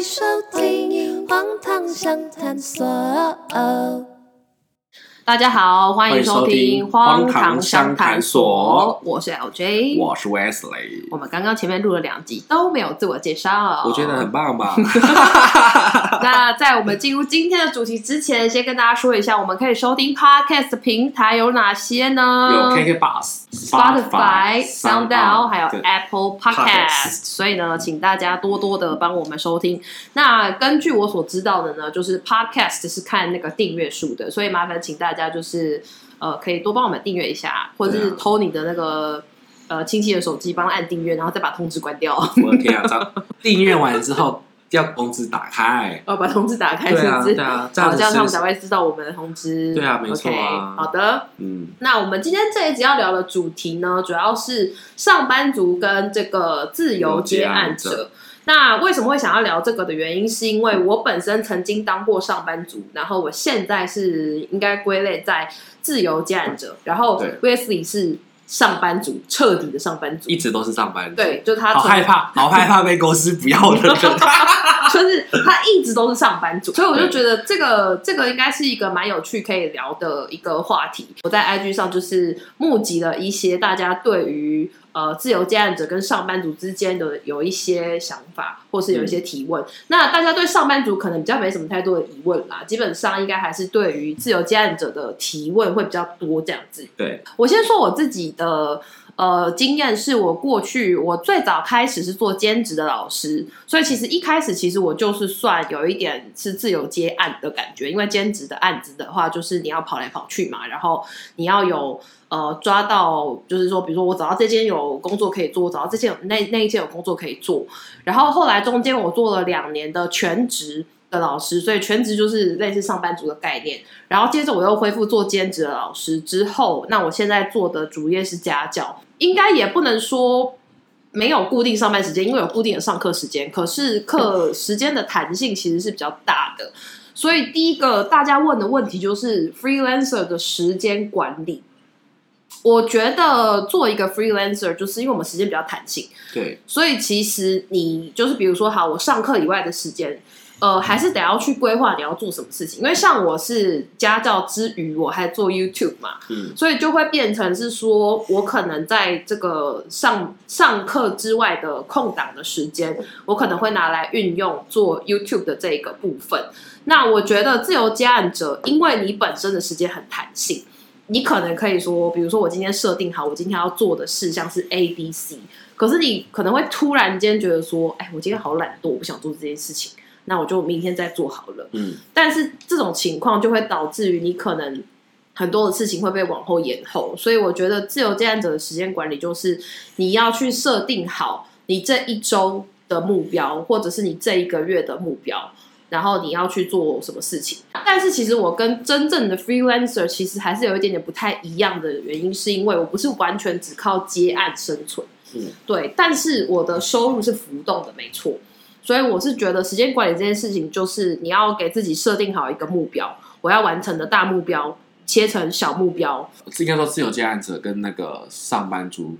收聽荒唐哦、大家好，歡迎收聽《荒唐箱探索》所。我是 LJ，我是 Wesley。我們剛剛前面錄了兩集都沒有自我介紹，我覺得很棒吧？ 那在我們進入今天的主題之前，先跟大家說一下，我們可以收聽 Podcast 平台有哪些呢？有 KKBus。Spotify、SoundOn 還有 Apple Podcast，, Podcast 所以呢，請大家多多的幫我們收聽。那根據我所知道的呢，就是 Podcast 是看那個訂閱數的，所以麻煩請大家就是呃，可以多幫我們訂閱一下，或者是偷你的那個、啊、呃親戚的手機，幫他按訂閱，然後再把通知關掉。OK 啊， 訂閱完了之後。嗯要通知打開哦，把通知打開是不是？好、啊，啊、這樣這樣他們才會知道我們的通知。對啊，沒錯啊。OK, 好的，嗯，那我們今天這一集要聊的主題呢，主要是上班族跟這個自由接案者。嗯、接案者，那為什麼會想要聊這個的原因，是因為我本身曾經當過上班族，嗯、然後我現在是應該歸類在自由接案者，嗯、然後 Wesley 是。上班族，徹底的上班族，一直都是上班族。對，就他好害怕，好 害怕被公司不要的 就是他一直都是上班族，所以我就覺得這個這個應該是一個蠻有趣可以聊的一個話題。我在 IG 上就是募集了一些大家對於。呃，自由接案者跟上班族之間的有一些想法，或是有一些提問、嗯。那大家對上班族可能比較沒什麼太多的疑問啦，基本上應該還是對於自由接案者的提問會比較多這樣子。對，我先說我自己的。呃，經驗是我過去我最早開始是做兼職的老師，所以其實一開始其實我就是算有一點是自由接案的感覺，因為兼職的案子的話，就是你要跑來跑去嘛，然後你要有呃抓到，就是說比如說我找到這間有工作可以做，找到這間那那一間有工作可以做，然後後來中間我做了兩年的全職的老師，所以全職就是類似上班族的概念，然後接着我又恢復做兼職的老師之後，那我現在做的主業是家教。應該也不能說沒有固定上班時間，因為有固定的上課時間。可是課時間的彈性其實是比較大的，所以第一個大家問的問題就是 freelancer 的時間管理。我覺得做一個 freelancer，就是因為我們時間比較彈性，對，所以其實你就是比如說，好，我上課以外的時間。呃，還是得要去規劃你要做什麼事情，因為像我是家教之餘我還做 YouTube 嘛，嗯，所以就會變成是說，我可能在這個上上課之外的空檔的時間，我可能會拿來運用做 YouTube 的這個部分。那我覺得自由接案者，因為你本身的時間很彈性，你可能可以說，比如說我今天設定好我今天要做的事像是 A、B、C，可是你可能會突然間覺得說，哎，欸，我今天好懶惰，我不想做這件事情。那我就明天再做好了。嗯，但是這種情況就會導致於你可能很多的事情會被往後延後，所以我覺得自由接案者的時間管理就是你要去設定好你這一週的目標，或者是你這一個月的目標，然後你要去做什麼事情。但是其實我跟真正的 freelancer 其實還是有一點點不太一樣的原因，是因為我不是完全只靠接案生存。嗯，對，但是我的收入是浮動的，沒錯。所以我是覺得時間管理這件事情，就是你要給自己設定好一個目標，我要完成的大目標，切成小目標。應該說自由接案者跟那個上班族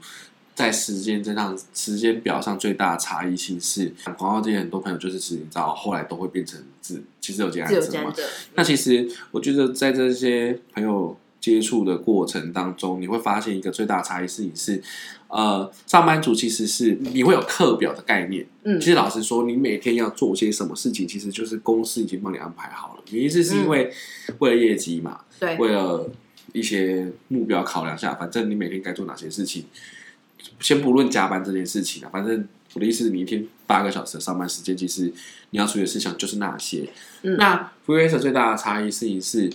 在時間這上時間表上最大的差異性是，廣告界很多朋友就是自由到後來都會變成自由接案者。嘛、嗯。那其實我覺得在這些朋友。接觸的過程當中，你會發現一個最大的差異是你是，呃，上班族其實是你會有課表的概念。嗯，其實老實說，你每天要做些什麼事情，其實就是公司已經幫你安排好了。你意思是因為為了業績嘛？嗯，為了一些目標考量下，反正你每天該做哪些事情，先不論加班這件事情啊，反正我的意思是，你一天八個小時的上班時間，其實你要處理的事情就是那些。嗯，那 freelancer 最大的差異是，你是。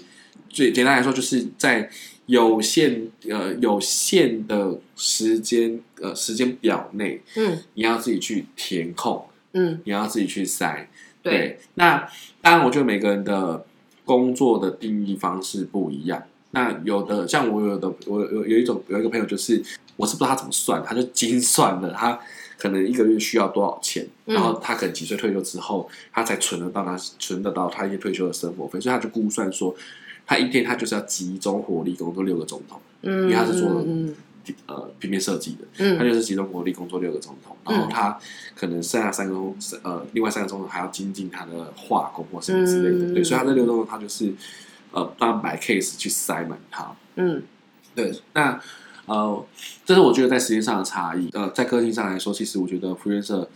最簡單來說，就是在有限呃有限的時間呃時間表內，嗯，你要自己去填空，嗯，你要自己去塞。對，對，那當然，我覺得每個人的工作的定義方式不一樣。那有的像我有的我有有一種有一個朋友，就是我是不知道他怎麼算，他就精算了，他可能一個月需要多少錢，嗯，然後他可能幾歲退休之後，他才存得到他存得到他一些退休的生活費，所以他就估算說。他一天他就是要集中火力工作六個鐘頭、嗯，因為他是做、嗯呃、平面設計的、嗯，他就是集中火力工作六個鐘頭、嗯、然後他可能剩下三個鐘呃另外三個鐘頭還要精進他的畫工或什麼之類的，嗯、對，所以他這六個鐘頭他就是呃把 case 去塞滿它，嗯，對，那呃這是我覺得在時間上的差異，呃，在個性上來說，其實我覺得福園社。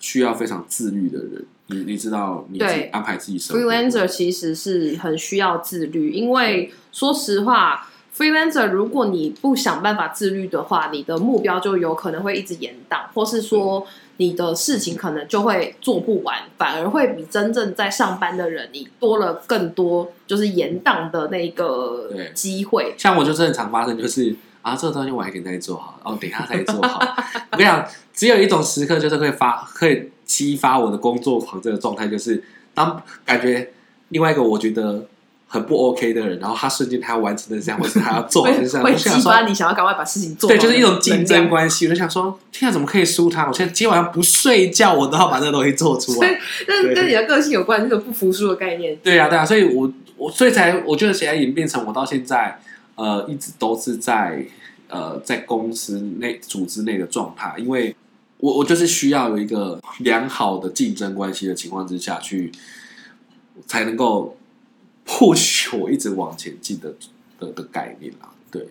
需要非常自律的人，你你知道，你自己安排自己什麼？Freelancer 其實是很需要自律，因為說實話，Freelancer 如果你不想辦法自律的話，你的目標就有可能會一直延宕，或是說你的事情可能就會做不完、嗯，反而會比真正在上班的人，你多了更多就是延宕的那個機會。像我就很常發生，就是啊，這個東西我還可以再做好，然後，哦，等一下再做好， 我跟你講。只有一種時刻，就是會發會激發我的工作狂這個狀態，就是當感覺另外一個我覺得很不 OK 的人，然後他瞬間他要完成的這樣，或 者他要做，這樣會激發你想要趕快把事情做。對，就是一種競爭關係。我就想說：“天啊，怎麼可以輸他？我現在今天晚上不睡覺，我都要把這個東西做出來。 對”對，那跟你的個性有關，這個不服輸的概念。對啊對啊，所以我我所以才我覺得現在演變成我到現在呃一直都是在呃在公司內組織內的狀態，因為。我我就是需要有一個良好的競爭關係的情況之下去，才能夠 push 我一直往前進的的的概念啦。對，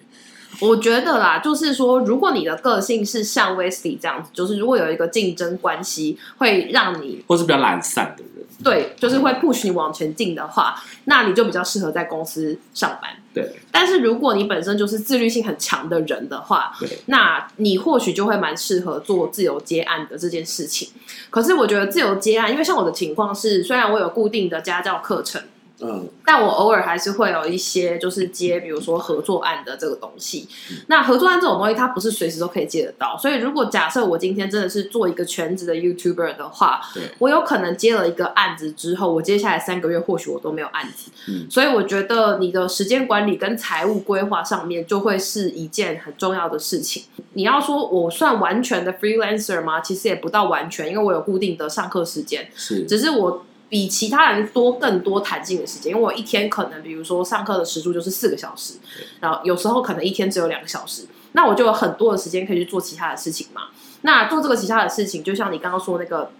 我覺得啦，就是說，如果你的個性是像 Wesley 這樣子，就是如果有一個競爭關係，會讓你，或是比較懶散的人。對，就是會 push 你往前進的話，那你就比較適合在公司上班。對，但是如果你本身就是自律性很強的人的話對，那你或許就會蠻適合做自由接案的這件事情。可是我覺得自由接案，因為像我的情況是，雖然我有固定的家教課程。嗯，但我偶爾還是會有一些，就是接，比如說合作案的這個東西。嗯，那合作案這種東西，它不是隨時都可以接得到。所以，如果假設我今天真的是做一個全職的 YouTuber 的話，對，我有可能接了一個案子之後，我接下來三個月或許我都沒有案子。嗯，所以我覺得你的時間管理跟財務規劃上面就會是一件很重要的事情。你要說我算完全的 freelancer 嗎？其實也不到完全，因為我有固定的上課時間，是，只是我。比其他人多更多彈性的時間，因為我一天可能，比如說上課的時數就是四個小時，然後有時候可能一天只有兩個小時，那我就有很多的時間可以去做其他的事情嘛。那做這個其他的事情，就像你剛剛說那個。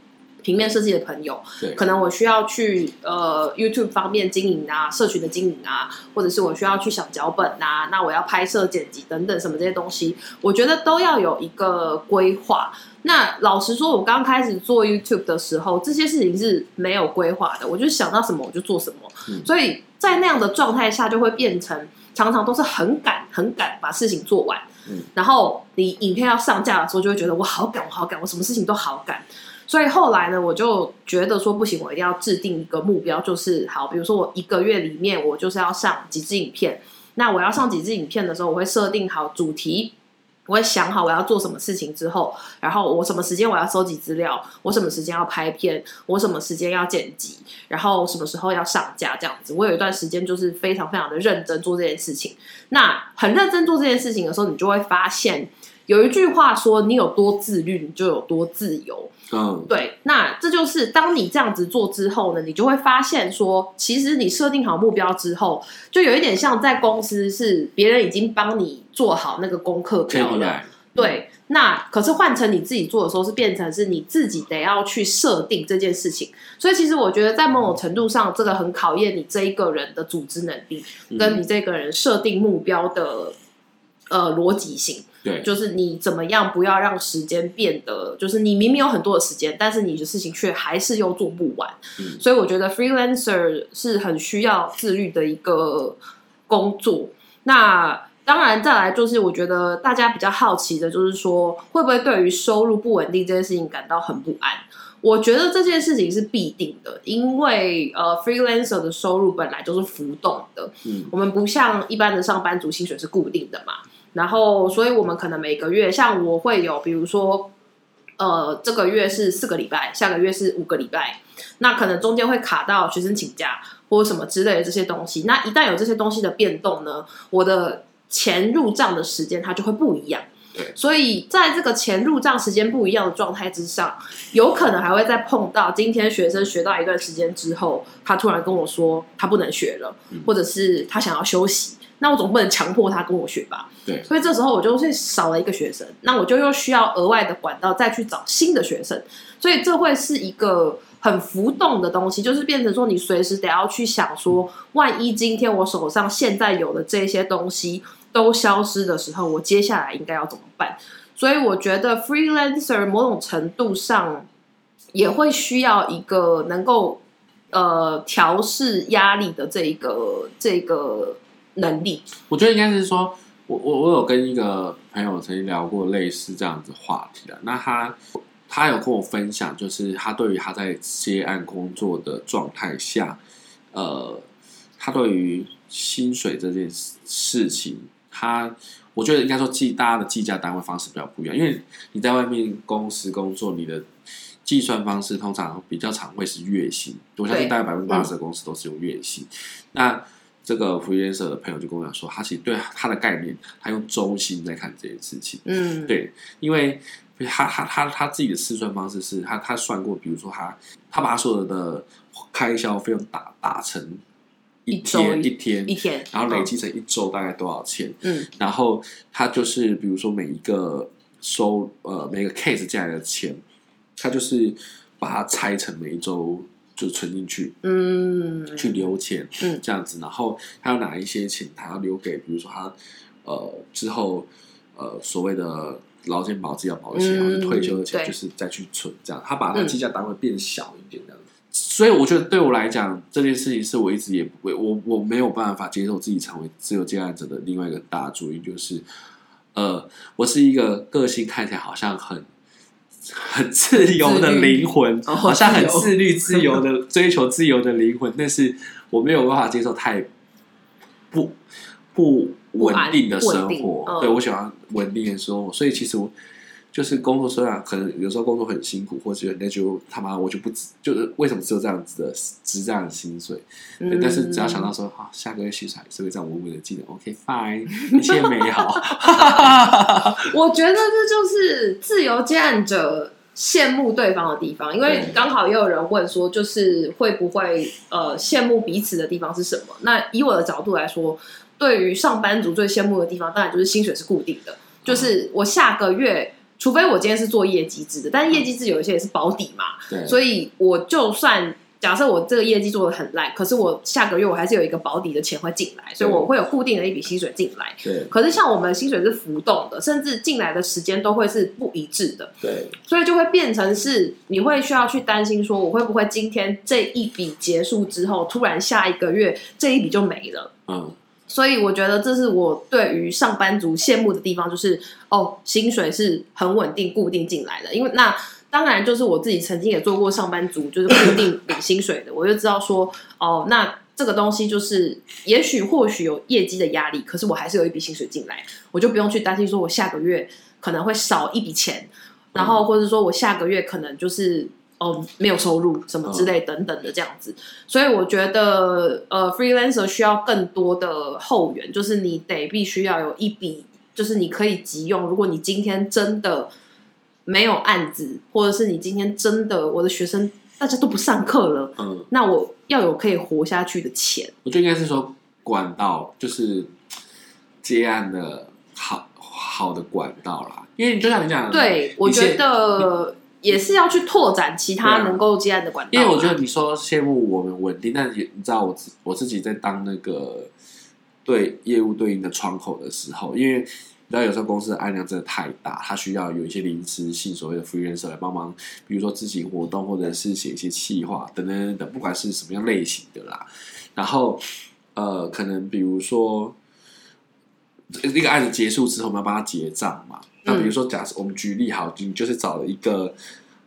平面設計的朋友，可能我需要去呃 YouTube 方面經營啊，社群的經營啊，或者是我需要去想腳本啊，那我要拍攝、剪輯等等什麼這些東西，我覺得都要有一個規劃。那老實說，我剛開始做 YouTube 的時候，這些事情是沒有規劃的，我就想到什麼我就做什麼，嗯、所以在那樣的狀態下，就會變成常常都是很趕、很趕把事情做完、嗯。然後你影片要上架的時候，就會覺得我好趕，我好趕，我什麼事情都好趕。所以後來呢，我就覺得說不行，我一定要製定一個目標，就是好，比如說我一個月裡面，我就是要上幾支影片。那我要上幾支影片的時候，我會設定好主題，我會想好我要做什麼事情之後，然後我什麼時間我要收集資料，我什麼時間要拍片，我什麼時間要剪輯，然後什麼時候要上架這樣子。我有一段時間就是非常非常的認真做這件事情。那很認真做這件事情的時候，你就會發現有一句話說：你有多自律，你就有多自由。嗯， 對，那這就是當你這樣子做之後呢，你就會發現說，其實你設定好目標之後，就有一點像在公司是別人已經幫你做好那個功課表了。對，那可是換成你自己做的時候，是變成是你自己得要去設定這件事情。所以其實我覺得，在某種程度上，這個很考驗你這一個人的組織能力，跟你這個人設定目標的呃邏輯性。對，就是你怎麼樣不要讓時間變得，就是你明明有很多的時間，但是你的事情卻還是又做不完。嗯，所以我覺得 freelancer 是很需要自律的一個工作。那當然，再來就是我覺得大家比較好奇的，就是說會不會對於收入不穩定這件事情感到很不安？我覺得這件事情是必定的，因為呃，freelancer 的收入本來就是浮動的。嗯，我們不像一般的上班族薪水是固定的嘛。然後，所以我們可能每個月，像我會有，比如說，呃，這個月是四個禮拜，下個月是五個禮拜，那可能中間會卡到學生請假或什麼之類的這些東西。那一旦有這些東西的變動呢，我的錢入賬的時間它就會不一樣。所以，在這個錢入賬時間不一樣的狀態之上，有可能還會再碰到今天學生學到一段時間之後，他突然跟我說他不能學了，嗯、或者是他想要休息，那我總不能強迫他跟我學吧？對，所以這時候我就會少了一個學生，那我就又需要額外的管道再去找新的學生，所以這會是一個很浮動的東西，就是變成說你隨時得要去想說，萬一今天我手上現在有的這些東西。都消失的時候，我接下來應該要怎麼辦？所以我覺得 freelancer 某種程度上也會需要一個能夠呃調適壓力的這一個這個能力。我覺得應該是說，我我我有跟一個朋友曾經聊過類似這樣子話題的啊。那他他有跟我分享，就是他對於他在接案工作的狀態下，呃，他對於薪水這件事情。他，我覺得應該說計大家的計價單位方式比較不一樣，因為你在外面公司工作，你的計算方式通常比較常會是月薪。我相信大概百分之八十的公司都是用月薪。那、嗯、這個 freelancer 的朋友就跟我講說，他其實對他的概念，他用週薪在看這件事情。嗯，對，因為他他他他自己的試算方式是他他算過，比如說他他把所有的開銷費用打打成。一天，一,一,一，天一天，然後累積成一周大概多少錢？嗯，然後他就是比如說每一個收呃每個 case 進來的錢，他就是把它拆成每一周就存進去，嗯，去留錢，嗯，這樣子。然後他有哪一些錢，他要留給比如說他呃之後呃所謂的勞健保、醫療保險然後就退休的錢，就是再去存，這樣他把他計價單位變小一點這樣。嗯這樣所以我覺得對我來講，這件事情是我一直也不會，我我沒有辦法接受自己成為自由接案者的另外一個大主因就是呃，我是一個個性看起來好像很很自由的靈魂，好像很自律、自由的追求自由的靈魂，但是我沒有辦法接受太不不穩定的生活，哦、對，我喜歡穩定的生活，所以其實我。就是工作雖然可能有時候工作很辛苦，或者那就他媽我就不就是為什麼只有這樣子的，值這樣的薪水、嗯？但是只要想到說，好、啊、下個月薪水是不是這樣穩穩的積累、嗯、？OK，Fine，、okay, 一切美好。 我覺得這就是自由接案者羨慕對方的地方，因為剛好也有人問說，就是會不會呃羨慕彼此的地方是什麼？那以我的角度來說，對於上班族最羨慕的地方，當然就是薪水是固定的，就是我下個月。嗯除非我今天是做業績制的，但是業績制有一些也是保底嘛，嗯、對，所以我就算假設我這個業績做的很爛，可是我下個月我還是有一個保底的錢會進來，所以我會有固定的一筆薪水進來。對，可是像我們薪水是浮動的，甚至進來的時間都會是不一致的。對，所以就會變成是你會需要去擔心說，我會不會今天這一筆結束之後，突然下一個月這一筆就沒了。嗯。所以我覺得這是我對於上班族羨慕的地方，就是哦，薪水是很穩定、固定進來的。因為那當然就是我自己曾經也做過上班族，就是固定領薪水的，我就知道說哦，那這個東西就是也許或許有業績的壓力，可是我還是有一筆薪水進來，我就不用去擔心說我下個月可能會少一筆錢，然後或者說我下個月可能就是。哦，沒有收入什麼之類等等的這樣子，嗯、所以我覺得呃，freelancer 需要更多的後援，就是你得必須要有一筆，就是你可以急用。如果你今天真的沒有案子，或者是你今天真的我的學生大家都不上課了，嗯，那我要有可以活下去的錢。我覺得應該是說管道，就是接案的好好的管道啦，因為就像你講，對我覺得。也是要去拓展其他能夠接案的管道。因為我覺得你說羨慕我們穩定，但是你知道我我自己在當那個對業務對應的窗口的時候，因為你知道有時候公司的案量真的太大，他需要有一些臨時性所謂的 freelancer 來幫忙，比如說執行活動或者是寫一些企劃等等等等，不管是什麼樣類型的啦。然後呃，可能比如說這個案子結束之後，我們要幫他結賬嘛。那比如說，假設我們舉例好、嗯，你就是找了一個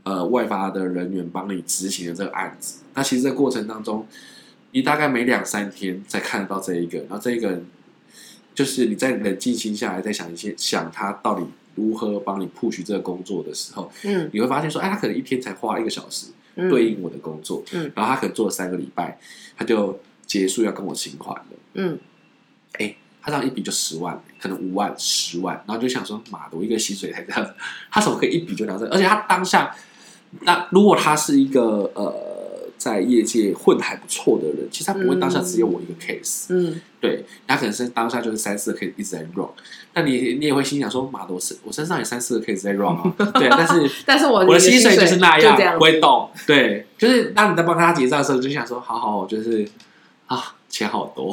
呃外發的人員幫你執行的這個案子，那其實這個過程當中，你大概每兩三天才看得到這一個，然後這一個就是你在冷靜心下來，再想一些，想他到底如何幫你 push 這個工作的時候，嗯，你會發現說，哎，他可能一天才花一個小時對應我的工作，嗯，嗯，然後他可能做了三個禮拜，他就結束要跟我請款了，嗯，哎、欸。他這樣一筆就十萬，可能五萬、十萬，然後就想說：“媽的，我一個薪水才這樣，他怎麼可以一筆就兩萬？而且他當下，那如果他是一個呃在業界混得還不錯的人，其實他不會當下只有我一個 case 嗯。嗯，對，他可能是當下就是三四個 case 一直在 run 那你你也會心想說：‘媽的，我身我身上有三四個 case 在 run 啊。 ’對，但是但是我的薪水就是那樣，樣不會動。對，就是當你在幫他結賬的時候，就想說：‘好好，我就是啊。’錢好多，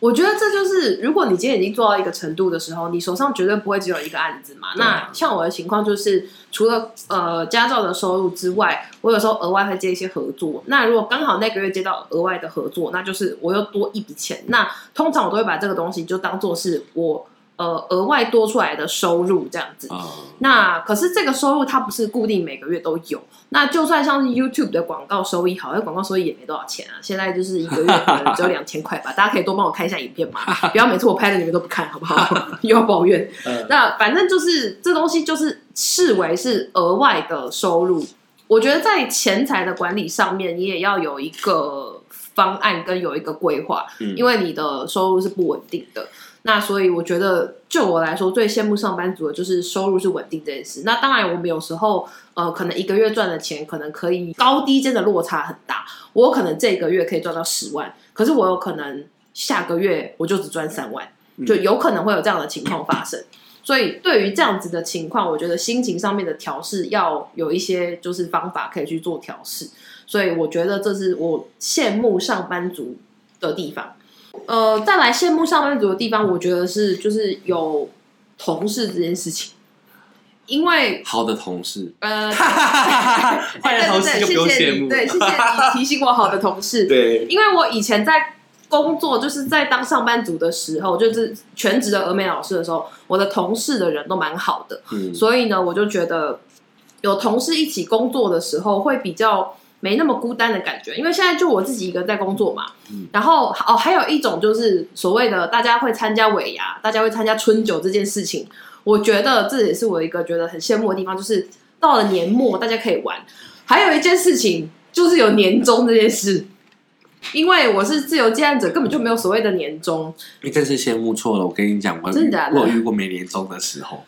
我覺得這就是，如果你今天已經做到一個程度的時候，你手上絕對不會只有一個案子嘛。那像我的情況就是，除了呃家教的收入之外，我有時候額外會接一些合作。那如果剛好那個月接到額外的合作，那就是我又多一筆錢。那通常我都會把這個東西就當做是我。呃，額外多出來的收入這樣子，Oh. 那可是這個收入它不是固定每個月都有。那就算像是 YouTube 的廣告收益，好，像廣告收益也沒多少錢啊。現在就是一個月可能只有兩千塊吧。 大家可以多幫我看一下影片嘛，不要每次我拍的你們都不看好不好？ 又要抱怨。Uh. 那反正就是這東西就是視為是額外的收入。我覺得在錢財的管理上面，你也要有一個方案跟有一個規劃，嗯，因為你的收入是不穩定的。那所以我覺得，就我來說，最羨慕上班族的就是收入是穩定這件事。那當然，我們有時候，呃，可能一個月賺的錢可能可以高低間的落差很大。我有可能這個月可以賺到十萬，可是我有可能下個月我就只賺三萬，就有可能會有這樣的情況發生。嗯。所以對於這樣子的情況，我覺得心情上面的調試要有一些就是方法可以去做調試。所以我覺得這是我羨慕上班族的地方。呃，再來羨慕上班族的地方，我覺得是就是有同事這件事情，因為好的同事，呃，壞 的 同事就不用羨慕 對對對對，對，謝謝你提醒我，好的同事， 對，因為我以前在工作，就是在當上班族的時候，就是全職的兒美老師的時候，我的同事的人都蠻好的，嗯，所以呢，我就覺得有同事一起工作的時候會比較沒那麼孤單的感覺，因為現在就我自己一個人在工作嘛。嗯、然後哦，還有一種就是所謂的大家會參加尾牙，大家會參加春酒這件事情，我覺得這也是我一個覺得很羨慕的地方，就是到了年末大家可以玩。還有一件事情就是有年終這件事，因為我是自由接案者，根本就沒有所謂的年終。嗯、你真是羨慕錯了，我跟你講，我真假的我遇過沒年終的時候。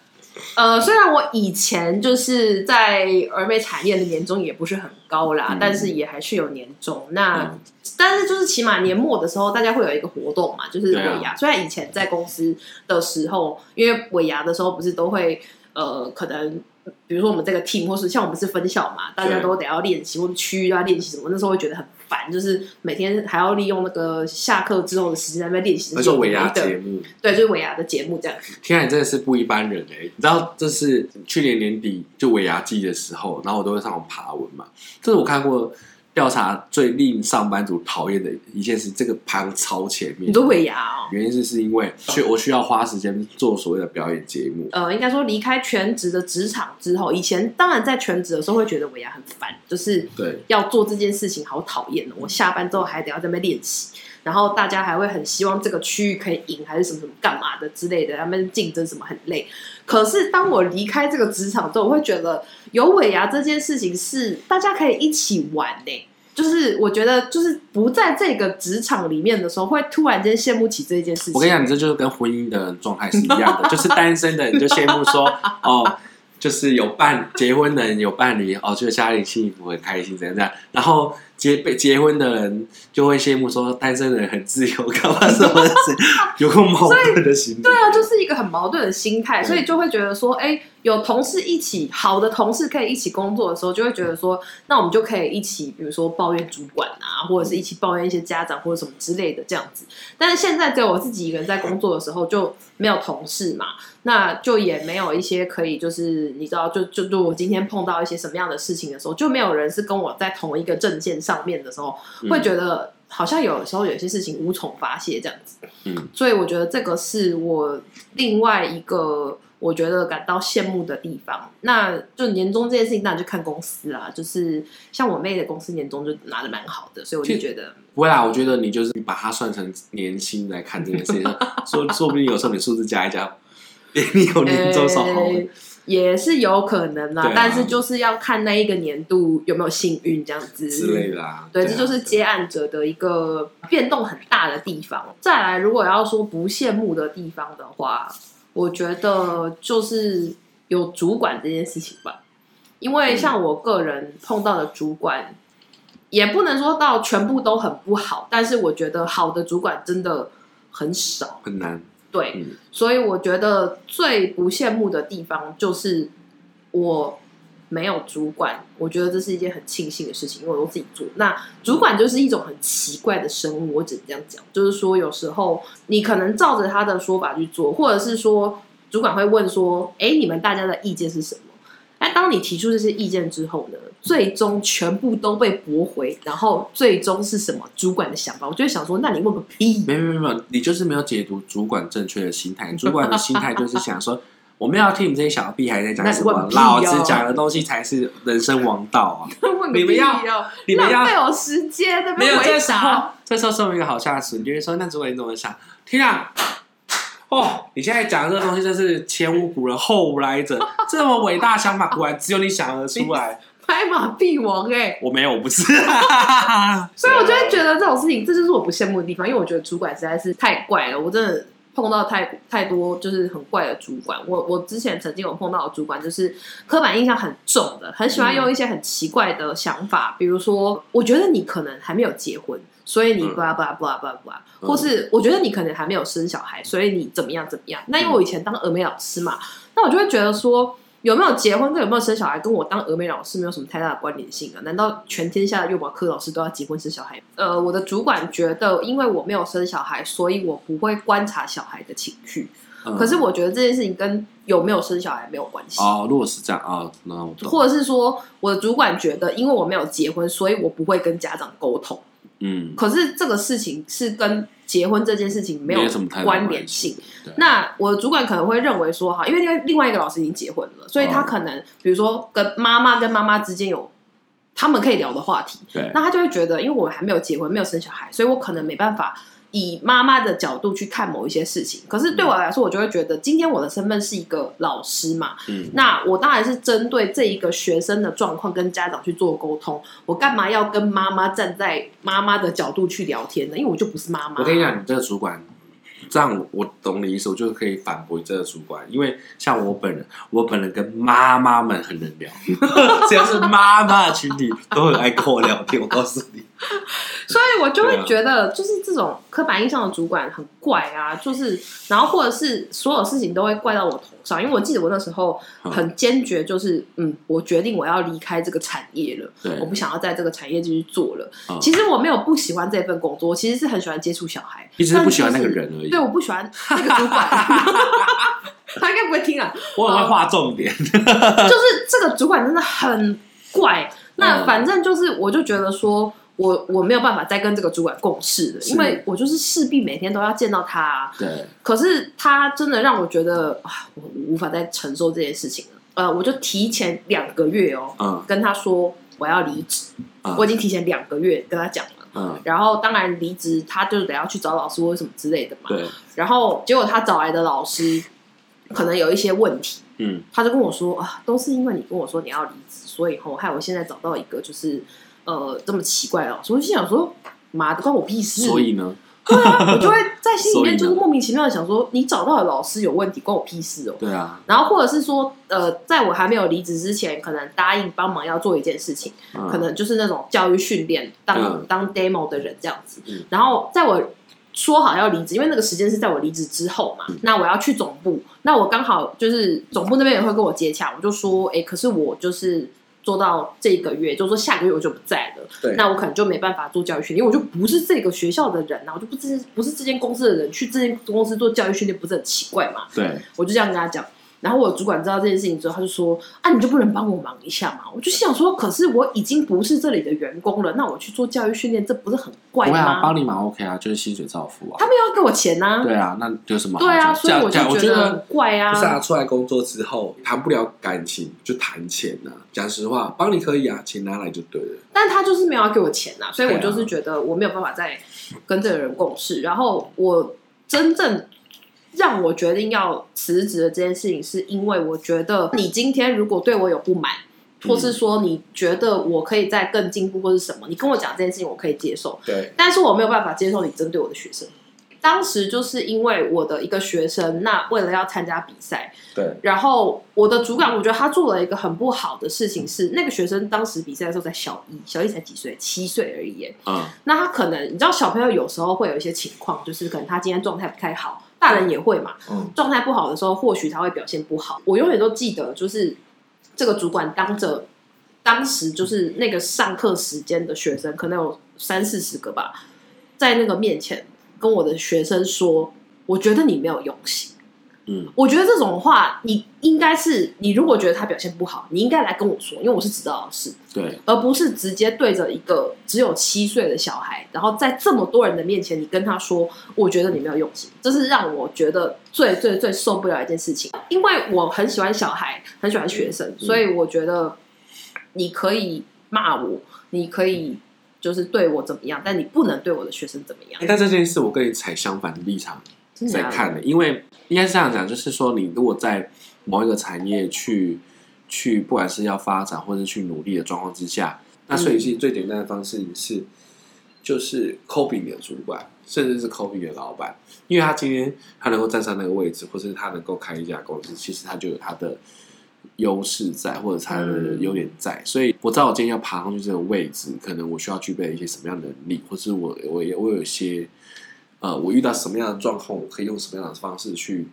呃，雖然我以前就是在兒美產業的年終也不是很高啦，嗯，但是也還是有年終。那，嗯、但是就是起碼年末的時候，大家會有一個活動嘛，就是尾牙、嗯。雖然以前在公司的時候，因為尾牙的時候不是都會呃，可能比如說我們這個 team 或是像我們是分校嘛，大家都得要練習，嗯，或者區域要練習什麼，那時候會覺得很。煩，就是每天還要利用那個下課之後的時間在練習做尾牙節目，對，對，就是尾牙的節目這樣。天啊，你真的是不一般人哎、欸！你知道這是去年年底就尾牙季的時候，然後我都會上網爬文嘛，這是我看過，嗯嗯調查最令上班族討厭的一件事，這個排個超前面。你都尾牙哦，原因是是因為，所以，我需要花時間做所謂的表演節目。呃，應該說離開全職的職場之後，以前當然在全職的時候會覺得尾牙很煩，就是對要做這件事情好討厭哦。我下班之後還得要在那邊練習。然後大家還會很希望這個區域可以贏，還是什麼什麼幹嘛的之類的，他們競爭什麼很累。可是當我離開這個職場之後，我會覺得有尾牙、啊、這件事情是大家可以一起玩的、欸，就是我覺得就是不在這個職場裡面的時候，會突然間羨慕起這件事情。我跟你講，你這就是跟婚姻的狀態是一樣的， 就是單身的你就羨慕說 哦，就是有伴結婚的人有伴侶哦，覺得家裡幸福很開心怎樣這樣，這樣，然後。結被結婚的人就會羨慕說單身的人很自由，幹嘛什麼有個矛盾的心， 對啊，就是一個很矛盾的心態，所以就會覺得說，哎、欸，有同事一起好的同事可以一起工作的時候，就會覺得說，那我們就可以一起，比如說抱怨主管啊，或者是一起抱怨一些家長或者什麼之類的這樣子。但是現在只有我自己一個人在工作的時候，就沒有同事嘛，那就也沒有一些可以，就是你知道，就就就，就我今天碰到一些什麼樣的事情的時候，就沒有人是跟我在同一個陣線上。上面的時候會覺得好像有時候、嗯、有些事情無從發洩這樣子，嗯，所以我覺得這個是我另外一個我覺得感到羨慕的地方。那就年終這件事情，那就就看公司啦。就是像我妹的公司年終就拿的蠻好的，所以我就覺得不會啊，嗯。我覺得你就是你把它算成年薪來看這件事情， 說說不定有時候你數字加一加，給你有年終少。欸也是有可能啦、啊啊，但是就是要看那一個年度有沒有幸運這樣子。之類的、啊嗯，對，這就是接案者的一個變動很大的地方。再來，如果要說不羨慕的地方的話，我覺得就是有主管這件事情吧，因為像我個人碰到的主管，嗯、也不能說到全部都很不好，但是我覺得好的主管真的很少，很難。對，所以我覺得最不羨慕的地方就是我沒有主管，我覺得這是一件很慶幸的事情，因為我都自己做。那主管就是一種很奇怪的生物，我只能這樣講。就是說，有時候你可能照着他的說法去做，或者是說，主管會問說：“哎，你們大家的意見是什麼？”哎，當你提出這些意見之後呢？最終全部都被駁回，然後最終是什麼？主管的想法，我就想說，那你問個屁！沒沒沒，你就是沒有解讀主管正確的心態。主管的心態就是想說， 我們要聽你這些小屁孩在講什麼？哦，老子講的東西才是人生王道啊！ 哦，你們要，你們要浪費我時間，沒有這啥。這時候，這時候說明一個好，下次你會說，那主管你怎麼想？聽啊，哦，你現在講的這個東西真是前無古人後無來者，這麼偉大的想法， 果然只有你想得出來。 拍馬屁王哎、欸！我沒有，我不是。 所以，我就會覺得這種事情，這就是我不羨慕的地方，因為我覺得主管實在是太怪了。我真的碰到太太多，就是很怪的主管。我我之前曾經有碰到的主管，就是刻板印象很重的，很喜歡用一些很奇怪的想法，嗯、比如說，我覺得你可能還沒有結婚，所以你巴拉巴拉巴拉巴拉，b 或是我覺得你可能還沒有生小孩，所以你怎麼樣怎麼樣。嗯、那因為我以前當峨眉老師嘛，那我就會覺得說。有沒有結婚跟有沒有生小孩，跟我當兒美老師沒有什麼太大的關聯性啊？難道全天下的幼保科老師都要結婚生小孩？呃，我的主管覺得，因為我沒有生小孩，所以我不會觀察小孩的情緒、呃。可是我覺得這件事情跟有沒有生小孩沒有關係啊。如果是這樣啊，那我。或者是說，我的主管覺得，因為我沒有結婚，所以我不會跟家長溝通。嗯，可是這個事情是跟結婚這件事情沒有沒什麼關聯性。那我主管可能會認為說，哈，因為另外另外一個老師已經結婚了，所以他可能比如說跟媽媽跟媽媽之間有他們可以聊的話題，對，那他就會覺得，因為我們還沒有結婚，沒有生小孩，所以我可能沒辦法。以媽媽的角度去看某一些事情，可是對我來說，我就會覺得，今天我的身份是一個老師嘛，嗯，那我當然是針對這一個學生的狀況跟家長去做溝通。我幹嘛要跟媽媽站在媽媽的角度去聊天呢？因為我就不是媽媽。我跟你講，你這個主管。這樣我，我懂你的意思，我就可以反駁這個主管，因為像我本人，我本人跟媽媽們很能聊，呵呵只要是媽媽群體 都很愛跟我聊天。我告訴你，所以我就會覺得，就是這種刻板印象的主管很怪啊，就是然後或者是所有事情都會怪到我頭上，因為我記得我那時候很堅決，就是嗯，嗯，我決定我要離開這個產業了，對，我不想要在這個產業繼續做了，嗯。其實我沒有不喜歡這份工作，我其實是很喜歡接觸小孩，一直是不喜歡那個人而已。 因為我不喜歡那個主管， 他應該不會聽啊。我也會畫重點 、呃，就是這個主管真的很怪。那反正就是，我就覺得說，我我沒有辦法再跟這個主管共事了，因為我就是勢必每天都要見到他、啊。對，可是他真的讓我覺得我無法再承受這件事情了。呃，我就提前兩個月哦、喔嗯，跟他說我要離職、嗯，我已經提前兩個月跟他講。嗯，然後當然離職，他就得要去找老師或什麼之類的嘛。對。然後結果他找來的老師，可能有一些問題。嗯。他就跟我說啊，都是因為你跟我說你要離職，所以後、哦、害我現在找到一個就是呃這麼奇怪的老師。我就心想說，媽的關我屁事。所以呢？ 對啊，我 就會在心裡面就是莫名其妙的想說，你找到的老師有問題，關我屁事哦。對啊，然後或者是說，呃，在我還沒有離職之前，可能答應幫忙要做一件事情，嗯，可能就是那種教育訓練當、嗯、當 demo 的人這樣子。然後在我說好要離職，因為那個時間是在我離職之後嘛，嗯，那我要去總部，那我剛好就是總部那邊也會跟我接洽，我就說，哎、欸，可是我就是。做到這個月，就說下個月我就不在了，對，那我可能就沒辦法做教育訓練，因為我就不是這個學校的人吶、啊，我就不是不是這間公司的人，去這間公司做教育訓練不是很奇怪嘛？對，我就這樣跟他講。然後我主管知道這件事情之後，他就說：“啊，你就不能幫我忙一下嘛？”我就想說：“可是我已經不是這裡的員工了，那我去做教育訓練，這不是很怪嗎？”不、啊、幫你忙 OK 啊，就是薪水照付啊。他沒有給我錢啊。對啊，那有什麼好？對啊，所以我就覺得很怪啊。我覺得不是啊，出來工作之後談不了感情，就談錢啊。講實話，幫你可以啊，錢拿來就對了。但他就是沒有要給我錢啊，所以我就是覺得我沒有辦法再跟這個人共事。 然後我真正，讓我決定要辭職的這件事情，是因為我覺得你今天如果對我有不滿，嗯、或是說你覺得我可以再更進步，或是什麼，你跟我講這件事情，我可以接受。對，但是我沒有辦法接受你針對我的學生。當時就是因為我的一個學生，那為了要參加比賽，對，然後我的主管我覺得他做了一個很不好的事情是，是那個學生當時比賽的時候才小一，小一才幾歲，七歲而已。嗯、啊，那他可能你知道小朋友有時候會有一些情況，就是可能他今天狀態不太好。大人也會嘛，狀態不好的時候，或許他會表現不好。我永遠都記得，就是這個主管當着當時就是那個上課時間的學生，可能有三四十個吧，在那個面前跟我的學生說：“我覺得你沒有用心。”嗯，我覺得這種話，你應該是你如果覺得他表現不好，你應該來跟我說，因為我是指導老師。對，而不是直接對着一個只有七歲的小孩，然後在這麼多人的面前，你跟他說，我覺得你沒有用心，嗯，這是讓我覺得最最最受不了的一件事情。因為我很喜歡小孩，很喜歡學生，嗯，所以我覺得你可以罵我，你可以就是對我怎麼樣，但你不能對我的學生怎麼樣。但這件事，我跟你採相反的立場。在看的，因為應該是這樣講，就是說，你如果在某一個產業去去，不管是要發展或者去努力的狀況之下，嗯、那所以其實最簡單的方式是，就是 copy 你的主管，甚至是 copy 你的老闆，因為他今天他能夠站上那個位置，或者他能夠開一家公司，其實他就有他的優勢在，或者他的優點在。嗯、所以，我知道我今天要爬上去這個位置，可能我需要具備一些什麼樣的能力，或者我我我有一些。呃，我遇到什麼樣的狀況，我可以用什麼樣的方式去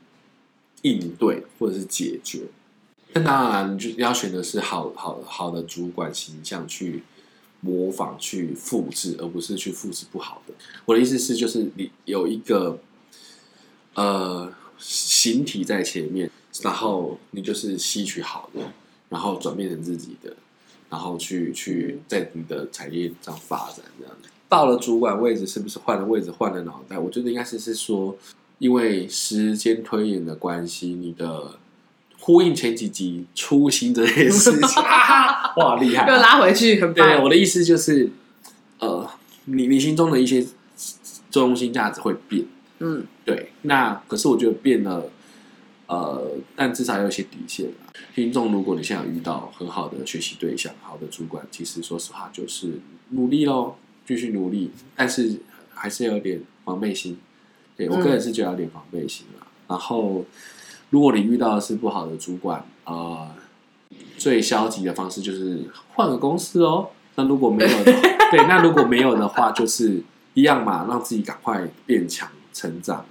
應對或者是解決？那當然，你就要選的是好好好的主管形象去模仿、去複製，而不是去複製不好的。我的意思是，就是你有一個呃形體在前面，然後你就是吸取好的，然後轉變成自己的，然後去去在你的產業上發展這樣子。到了主管位置，是不是換了位置、換了腦袋？我覺得應該是，是說，因為時間推演的關係，你的呼應前幾集、初心這些事情 哇，厲害啊！又拉回去，對，我的意思就是，呃，你你心中的一些中心價值會變，嗯，對。那可是我覺得變了，呃，但至少有一些底線啊。聽眾，如果你現在遇到很好的學習對象、好的主管，其實說實話，就是努力嘍。繼續努力，但是還是有點防備心。對，我個人是覺得有點防備心嘛。嗯、然後，如果你遇到的是不好的主管，呃，最消極的方式就是換個公司哦。那如果沒有的話， 對，那如果沒有的話，就是一樣嘛，讓自己趕快變強、成長，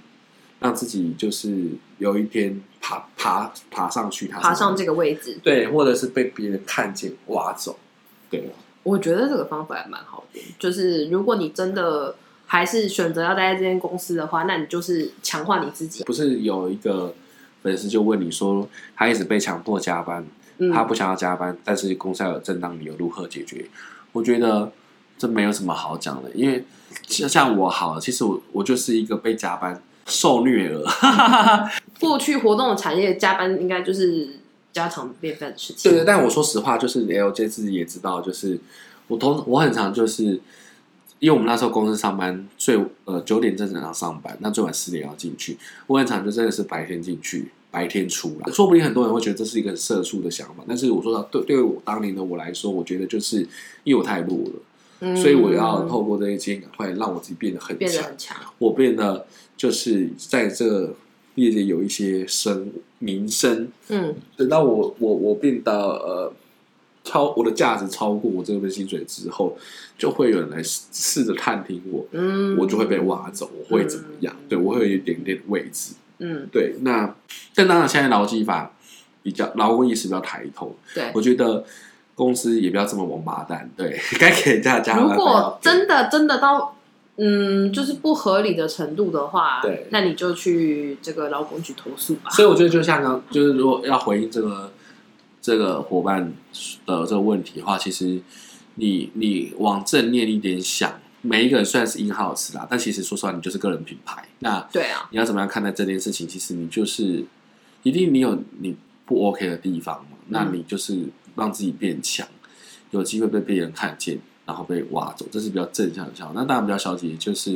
讓自己就是有一天爬爬爬上去，他爬上這個位置，對，或者是被別人看見挖走，對。我覺得這個方法還蠻好的，就是如果你真的還是選擇要待在這間公司的話，那你就是強化你自己。不是有一個粉絲就問你說，他一直被強迫加班、嗯，他不想要加班，但是公司還有正當理由如何解決？我覺得這沒有什麼好講的，因為像像我，好，其實我我就是一個被加班受虐了。 過去活動的產業加班應該就是。家常便飯的事情。對對，但我說實話，就是 LJ、欸、自己也知道，就是我同我很常就是，因為我們那時候公司上班最，最呃九點正常要上班，那最晚十點要進去。我很常就真的是白天進去，白天出來。說不定很多人會覺得這是一個色素的想法，但是我說到對對我當年的我來說，我覺得就是因為我太弱了、嗯，所以我要透過這些經驗會讓我自己變得很強。我變得就是在這業界有一些聲。名聲，嗯，等到我我我變得呃超我的價值超過我這份薪水之後，就會有人來試，試着探聽我，嗯，我就會被挖走，我會怎麼樣？嗯、對我會有一點點位置，嗯，對。那但當然，現在勞基法比較勞工意識比較抬頭，對我覺得公司也不要這麼王八蛋，對，該給大家,家。如果真的真的到。嗯，就是不合理的程度的話，對，那你就去這個勞工局投訴吧。所以我覺得就像剛剛，就是如果要回應這個這個夥伴的這個問題的話，其實你你往正念一點想，每一個人雖然是 in house 啦，但其實說實話你就是個人品牌。那對啊，你要怎麼樣看待這件事情？其實你就是一定你有你不 OK 的地方嘛，那你就是讓自己變強，嗯，有機會被別人看見。然後被挖走，這是比較正向的那當然比較消極就是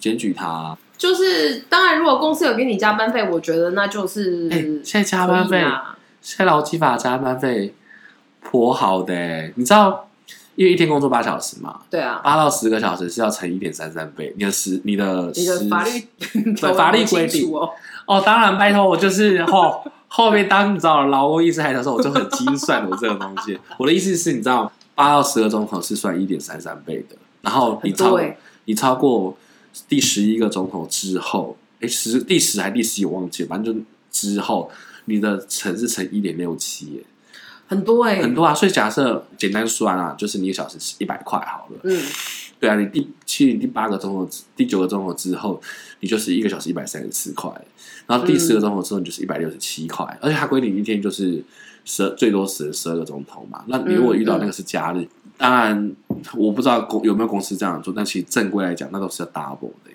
檢舉他、啊，就是當然，如果公司有給你加班費，我覺得那就是嗯、欸，現在加班費啊，現在勞基法加班費頗好的、欸，你知道，因為一天工作八小時嘛，對啊，八到十個小時是要乘一點三三倍，你的十，你的十，你的法律 法律規定哦哦，當然拜托我就是後 後面當你知道勞工意識還想說我就很精算我這個東西， 我的意思是，你知道嗎？八到十個鐘頭是算一點三三倍的。然後你超，欸、你超過第十一個鐘頭之後，哎、欸、十第十還第十，我忘記了，反正就之後你的乘是乘一點六七，很多哎、欸，很多啊。所以假設簡單算啊，就是你一個小時是一百塊好了，嗯，對啊，你第七第八個鐘頭、第九個鐘頭之後，你就是一個小時一百三十四塊，然後第十個鐘頭之後你就是一百六十七塊，而且它規定一天就是。十最多十十二個鐘頭嘛，那你如果遇到那個是假日，嗯嗯，當然我不知道公有沒有公司這樣做，但其實正規來講，那都是要 double 的。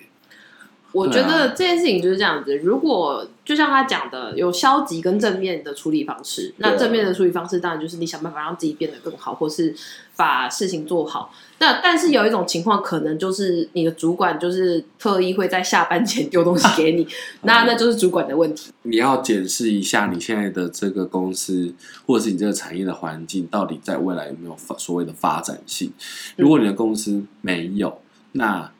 我覺得這件事情就是這樣子。啊、如果就像他講的，有消極跟正面的處理方式，那正面的處理方式當然就是你想辦法讓自己變得更好，或是把事情做好。那但是有一種情況，可能就是你的主管就是特意會在下班前丟東西給你， 那那就是主管的問題。你要檢視一下你現在的這個公司，或者是你這個產業的環境，到底在未來有沒有所謂的發展性、嗯，如果你的公司沒有，那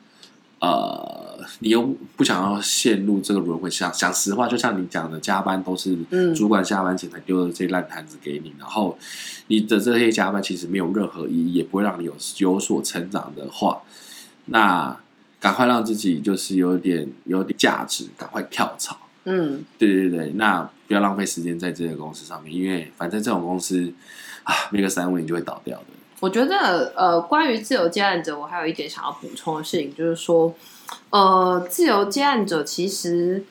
呃。你又不想要陷入這個輪迴，想，講實話，就像你講的，加班都是主管下班前才丟的這爛攤子給你，嗯，然後你的這些加班其實沒有任何意義，也不會讓你有有所成長的話，那趕快讓自己就是有點有點價值，趕快跳槽。嗯，對對對，那不要浪費時間在這個公司上面，因為反正這種公司啊，沒個三五年就會倒掉的。我覺得呃，關於自由接案者，我還有一點想要補充的事情，就是說。呃，自由接案者其實，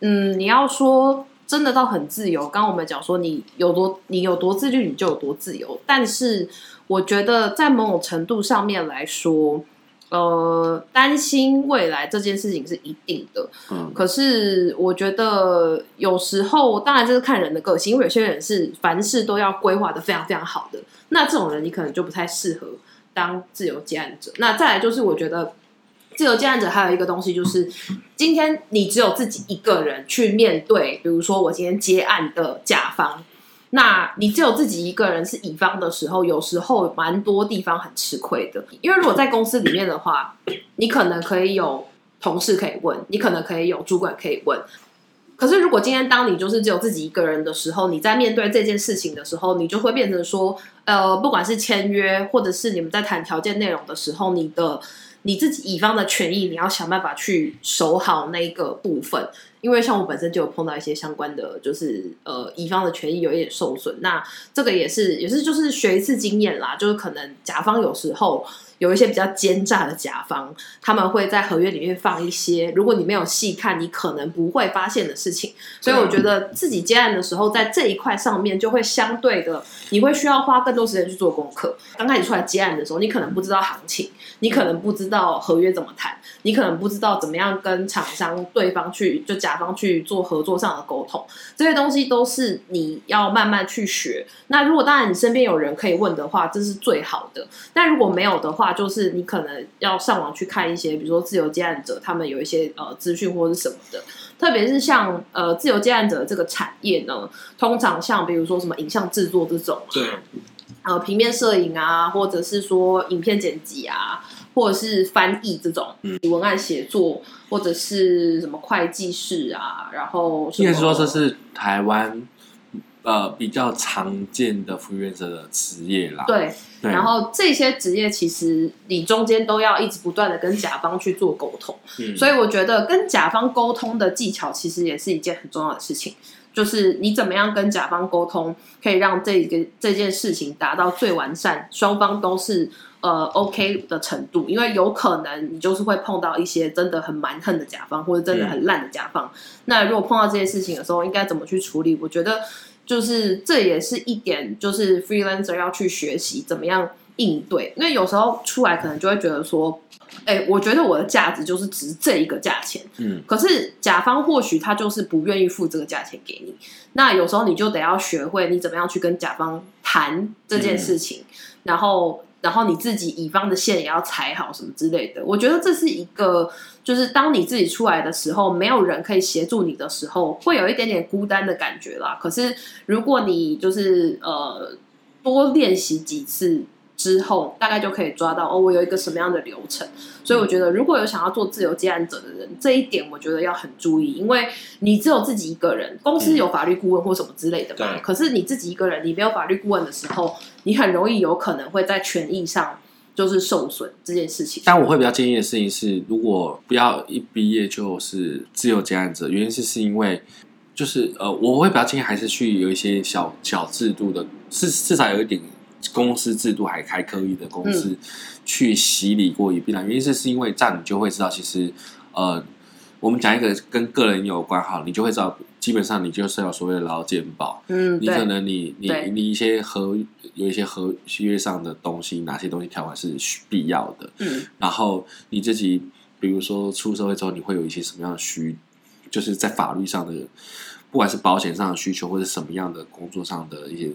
嗯，你要說真的到很自由。剛剛我們講說，你有多你有多自律，你就有多自由。但是，我覺得在某種程度上面來說，呃，擔心未來這件事情是一定的。嗯。可是，我覺得有時候當然就是看人的個性，因為有些人是凡事都要規劃得非常非常好的。那這種人，你可能就不太適合當自由接案者。那再來就是，我覺得。自由接案者還有一個東西就是，今天你只有自己一個人去面對，比如說我今天接案的甲方,那你只有自己一個人是乙方的時候，有時候蠻多地方很吃虧的。因為如果在公司裡面的話，你可能可以有同事可以問，你可能可以有主管可以問。可是如果今天當你就是只有自己一個人的時候，你在面對這件事情的時候，你就會變成說，呃，不管是簽約或者是你們在談條件內容的時候，你的。你自己乙方的權益，你要想辦法去守好那個部分。因為像我本身就有碰到一些相關的，就是呃，乙方的權益有一點受損，那這個也是也是就是學一次經驗啦，就是可能甲方有時候有一些比較奸詐的甲方，他們會在合約裡面放一些，如果你沒有細看，你可能不會發現的事情。所以我覺得自己接案的時候，在這一塊上面就會相對的，你會需要花更多時間去做功課。剛開始出來接案的時候，你可能不知道行情，你可能不知道合約怎麼談，你可能不知道怎麼樣跟廠商對方去就加。方去做合作上的溝通，這些東西都是你要慢慢去學。那如果當然你身邊有人可以問的話，這是最好的。但如果沒有的話，就是你可能要上網去看一些，比如說自由接案者他們有一些呃資訊或者是什麼的。特別是像呃自由接案者的這個產業呢，通常像比如說什麼影像制作這種。對。呃、平面攝影啊，或者是說影片剪輯啊，或者是翻譯這種，嗯、文案寫作，或者是什麼會計師啊，然後應該說，這是台灣呃比較常見的服務者的職業啦對。對，然後這些職業其實你中間都要一直不斷的跟甲方去做溝通，嗯，所以我覺得跟甲方溝通的技巧其實也是一件很重要的事情。就是你怎麼樣跟甲方溝通，可以讓這個這件事情達到最完善，雙方都是呃 OK 的程度。因為有可能你就是會碰到一些真的很蠻橫的甲方，或者真的很爛的甲方。Yeah. 那如果碰到這件事情的時候，應該怎麼去處理？我覺得就是這也是一點，就是 freelancer 要去學習怎麼樣。應對，因為有時候出來可能就會覺得說，哎、欸，我覺得我的價值就是值這一個價錢。嗯。可是甲方或許他就是不願意付這個價錢給你。那有時候你就得要學會你怎麼樣去跟甲方談這件事情，嗯、然後，然後你自己乙方的線也要踩好什麼之類的。我覺得這是一個，就是當你自己出來的時候，沒有人可以協助你的時候，會有一點點孤單的感覺啦。可是如果你就是呃多練習幾次。之後大概就可以抓到哦，我有一個什麼樣的流程。所以我覺得如果有想要做自由接案者的人，嗯，這一點我覺得要很注意，因為你只有自己一個人，公司有法律顧問或什麼之類的嘛，嗯、對。可是你自己一個人，你沒有法律顧問的時候，你很容易有可能會在權益上就是受損這件事情。但我會比較建議的事情是，如果不要一畢業就是自由接案者，原因是是因為就是呃，我會比較建議還是去有一些小小制度的，是至，至少有一點，公司制度還開可以的公司去洗禮過一遍了，原因是是因為這樣你就會知道，其實呃，我們講一個跟個人有關哈，你就會知道，基本上你就是要所謂的勞健保，嗯，你可能你你你一些合有一些合約上的東西，哪些東西條款是必要的，嗯，然後你自己比如說出社會之後，你會有一些什麼樣的需，就是在法律上的，不管是保險上的需求，或者什麼樣的工作上的一些。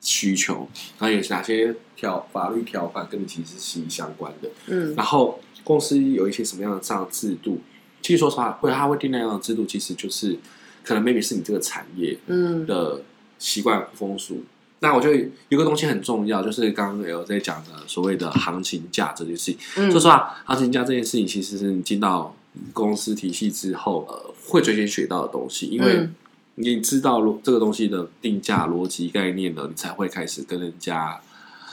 需求，然後有哪些條法律條款跟你其實息息相關的？嗯，然後公司有一些什麼樣的這樣的制度？其實說實話，會他會定那樣的制度，其實就是可能 maybe 是你這個產業嗯的習慣風俗、嗯。那我覺得有個東西很重要，就是剛剛 LJ 在講的所謂的行情價這件事情。嗯就是、說實話，行情價這件事情其實是你進到公司體系之後呃會最先學到的東西，因為。嗯你知道了這個東西的定價邏輯概念呢，你才會開始跟人家，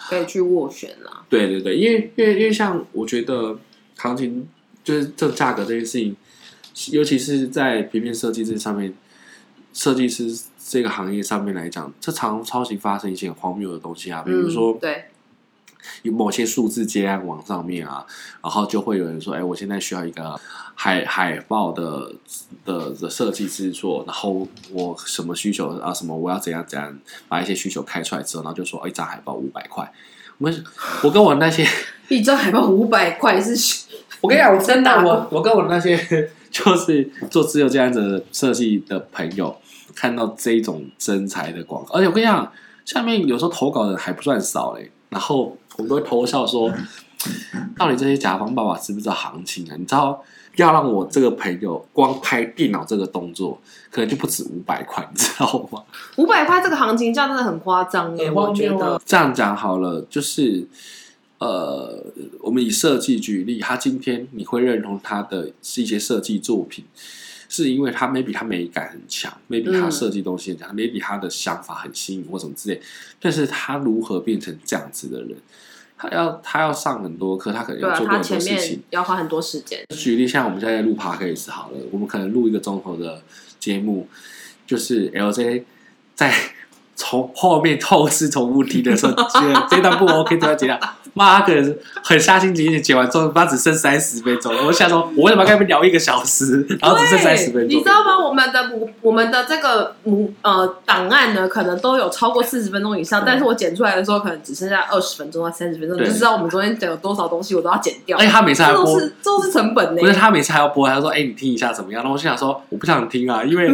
可以去斡旋啦。對對對，因為因為因為像我覺得行情就是這個價格這件事情，尤其是在平面設計這上面，設計師這個行業上面來講，這常常會發生一些很荒謬的東西啊，比如說、嗯、對。有某些數字接案網上面啊，然後就會有人說：“哎、欸，我現在需要一個海海報的的設計製作，然後我什麼需求啊？什麼我要怎樣怎樣把一些需求開出來之後，然後就說：哎、欸，一張海報五百塊。我我跟我那些一張海報五百塊是，我跟你講，我真的我我，我跟我那些 就是做自由這樣子設計的朋友，看到這種徵才的廣告，而且我跟你講，下面有時候投稿的還不算少嘞、欸，然後。我們都會偷笑說：“到底這些甲方爸爸知不知道行情啊？你知道，要讓我這個朋友光拍電腦這個動作，可能就不止五百塊，你知道嗎？五百塊這個行情價真的很誇張耶！我覺得,我覺得這樣講好了，就是呃，我們以設計舉例，他今天你會認同他的是一些設計作品，是因為他 maybe 他美感很強，maybe 他設計東西很強、嗯、maybe 他的想法很新穎或什麼之類，但是他如何變成這樣子的人？”他要他要上很多課，可他可能要做很多事情，啊、要花很多時間。舉例像，像我們現在，在錄 podcast 好了，我們可能錄一個鐘頭的節目，就是 L J 在。從後面透視從物體的時候，這一段不 OK 都要剪掉。媽個，可很下心盡力剪完之後，媽只剩三十分鐘了。我想說，我為什麼跟他們聊一個小時，然後只剩三十分鐘？你知道嗎？我們的、我、我們的這個呃、檔案呢，可能都有超過四十分鐘以上，但是我剪出來的時候，可能只剩下二十分鐘到三十分鐘。你就知道我們昨天剪了多少東西，我都要剪掉。哎、欸，他每次還播他都是都是成本呢。不是他每次還要播，他說：“哎、欸，你聽一下怎麼樣？”然後我想說：“我不想聽啊，因為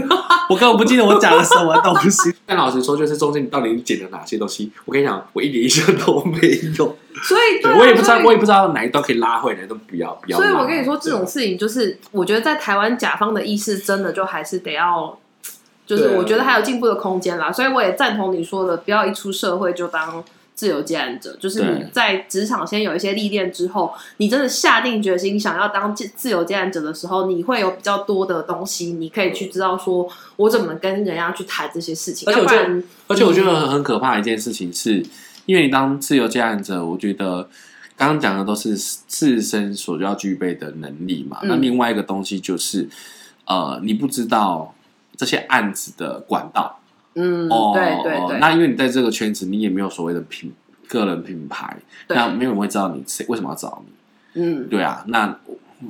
我根本不記得我講了什麼東西。 ”但老實說，就是。這中間你到底你剪了哪些東西？我跟你講，我一點印象都沒有，所以對、啊、 對我也不知道，我也不知道哪一段可以拉回來，都不要不要。所以我跟你說，這種事情就是，啊、我覺得在台灣甲方的意識真的就還是得要，就是我覺得還有進步的空間啦。啊啊、所以我也贊同你說的，不要一出社會就當。自由接案者，就是你在職場先有一些歷練之後，你真的下定決心想要當自自由接案者的時候，你會有比較多的東西，你可以去知道說我怎麼跟人家去談這些事情。嗯、要不然而且我覺得，而且我覺得很可怕的一件事情是、嗯，因為你當自由接案者，我覺得剛剛講的都是自身所要具備的能力嘛、嗯。那另外一個東西就是，呃，你不知道這些案子的管道。嗯、哦，對對對、呃。那因為你在這個圈子，你也沒有所謂的品個人品牌，對，那沒有人會知道你誰，為什麼要找你。嗯，對啊。那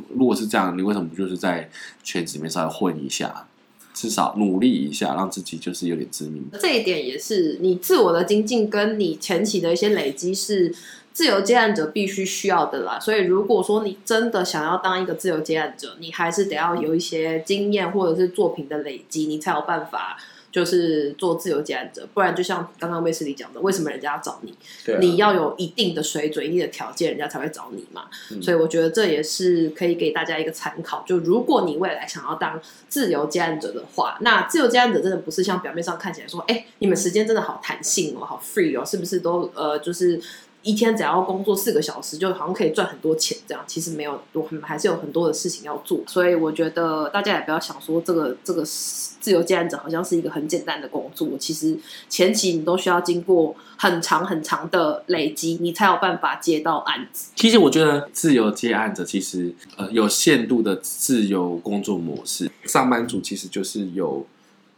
如果是這樣，你為什麼不就是在圈子裡面稍微混一下，至少努力一下，讓自己就是有點知名度？這一點也是你自我的精進，跟你前期的一些累積是自由接案者必須需要的啦。所以，如果說你真的想要當一個自由接案者，你還是得要有一些經驗或者是作品的累積，你才有辦法。就是做自由接案者，不然就像剛剛 Wesley 講的，為什麼人家要找你、啊？你要有一定的水準、一定的條件，人家才會找你嘛、嗯。所以我覺得這也是可以給大家一個參考。就如果你未來想要當自由接案者的話，那自由接案者真的不是像表面上看起來說，哎、欸，你們時間真的好彈性哦，好 free 哦，是不是都呃就是。一天只要工作四個小時，就好像可以賺很多錢這樣，其實沒有很多，多還是有很多的事情要做。所以我覺得大家也不要想說，這個這個自由接案者好像是一個很簡單的工作，其實前期你都需要經過很長很長的累積，你才有辦法接到案子。其實我覺得自由接案者其實呃有限度的自由工作模式，上班族其實就是有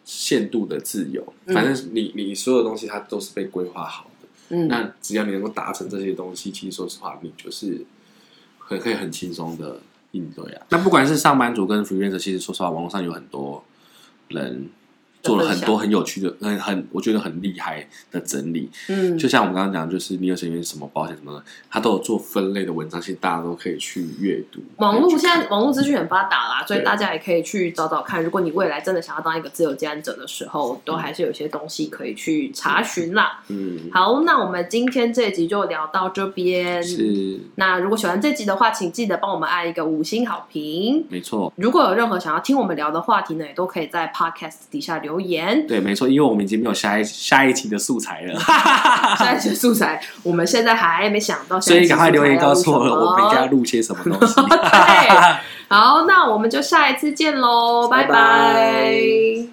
限度的自由，反正你你所有東西它都是被規劃好。嗯，那只要你能夠達成這些東西，其實說實話，你就是可可以很輕鬆的應對啊。嗯。那不管是上班族跟 freelancer，其實說實話，網絡上有很多人。做了很多很有趣的、的很很我覺得很厲害的整理，嗯，就像我們剛剛講，就是你有什麼保險什麼的，他都有做分類的文章，其實大家都可以去閱讀。網絡現在網絡資訊很發達啦、嗯，所以大家也可以去找找看。如果你未來真的想要當一個自由接案者的時候，嗯、都還是有些東西可以去查詢啦。嗯，好，那我們今天這一集就聊到這邊。是，那如果喜歡這集的話，請記得幫我們按一個五星好評。沒錯，如果有任何想要聽我們聊的話題呢，也都可以在 Podcast 底下留。留言。對，沒錯，因為我們已經沒有下一下一期的素材了。下一期的素材， 我們現在還沒想到，所以趕快留言告訴我們，我們應該要錄些什麼東西。 好，那我們就下一次見嘍，拜拜。拜拜。